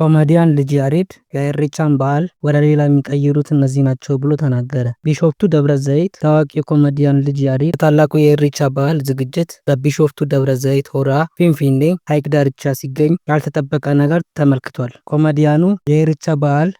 ኮሜዲያን ልጅ ያሬድ የኢሬቻን በዓል ወደ ሌላ የሚቀይሩት እነዚህ ናቸው ብሎ ተናገረ። ቢሾፍቱ ደብረ ዘይት ታዋቂ ኮመዲያን ልጅ ያሬድ የታላቁ የኢሬቻ በዓል ዝግጅት በቢሾፍቱ ደብረ ዘይት ሆራ ፊንፊኔ ሐይቅ ዳርቻ ሲገኝ ያልተጠበቀ ነገር ተመልክቷል። ኮሜዲያኑ የኢሬቻ በዓል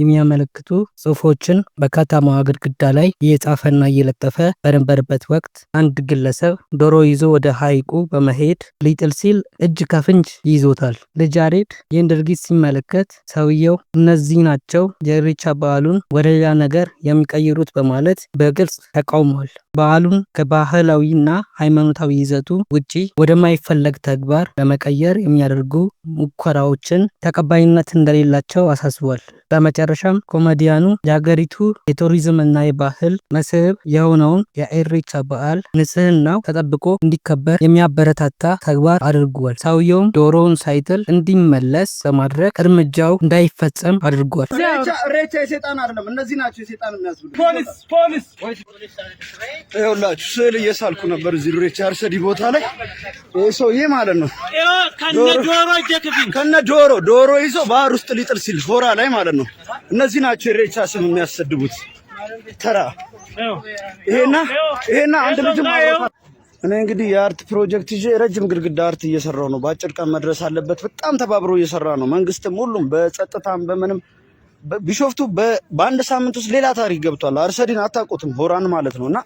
የሚያመለክቱ ጽሁፎችን በከተማዋ ግድግዳ ላይ እየጻፈና እየለጠፈ በነበረበት ወቅት አንድ ግለሰብ ዶሮ ይዞ ወደ ሐይቁ በመሄድ ሊጥል ሲል እጅ ከፍንጅ ይዞታል። ልጅ ያሬድ ይህን ድርጊት ሲመለከት ሰውየው እነዚህ ናቸው የኢሬቻ በዓሉን ወደ ሌላ ነገር የሚቀይሩት በማለት በግልጽ ተቃውሟል። በዓሉን ከባህላዊና ሃይማኖታዊ ይዘቱ ውጪ ወደማይፈለግ ተግባር ለመቀየር የሚያደርጉ ሙከራዎችን ተቀባይነት እንደሌላቸው አሳስቧል። በመጨረሻም ኮሜዲያኑ የሀገሪቱ የቱሪዝምና የባህል መስህብ የሆነውን የኢሬቻ በዓል ንጽህናው ተጠብቆ እንዲከበር የሚያበረታታ ተግባር አድርጓል። ሰውየውም ዶሮውን ሳይጥል እንዲመለስ በማድረግ እርምጃው እንዳይፈጸም አድርጓል። ኢሬቻ የሴጣን አይደለም፣ እነዚህ ናቸው የሴጣን የሚያስብሉ ፖሊስ ፖሊስ ይኸውላችሁ ስዕል እየሳልኩ ነበር እዚህ ዱሬቻ አርሰዲ ቦታ ላይ ይሄ ሰውዬ ማለት ነው ከነ ዶሮ ዶሮ ይዞ ባህር ውስጥ ሊጥል ሲል ሆራ ላይ ማለት ነው። እነዚህ ናቸው የሬቻ ስም የሚያሰድቡት ተራ ይሄና ይሄና አንድ ልጅ እኔ እንግዲህ የአርት ፕሮጀክት ይዤ ረጅም ግድግዳ አርት እየሰራው ነው። በአጭር ቀን መድረስ አለበት። በጣም ተባብሮ እየሰራ ነው። መንግስትም፣ ሁሉም በጸጥታም በምንም ቢሾፍቱ በአንድ ሳምንት ውስጥ ሌላ ታሪክ ገብቷል። አርሰዲን አታውቁትም ሆራን ማለት ነው እና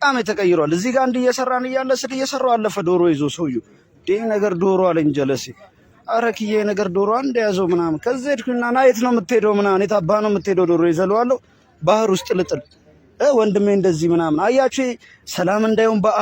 በጣም የተቀይሯል። እዚህ ጋር እንዲህ እየሰራን እያለ ስል እየሰራው አለፈ። ዶሮ ይዞ ሰውዩ ዴ ነገር ዶሮ አለኝ ጀለሴ አረክዬ ነገር ዶሮ አንድ እንደያዘው ምናምን ከዚህ ሄድኩና ና የት ነው የምትሄደው? ምናምን የት አባ ነው የምትሄደው? ዶሮ ይዘለዋለሁ ባህር ውስጥ ልጥል ወንድሜ እንደዚህ ምናምን አያቼ ሰላም እንዳይሆን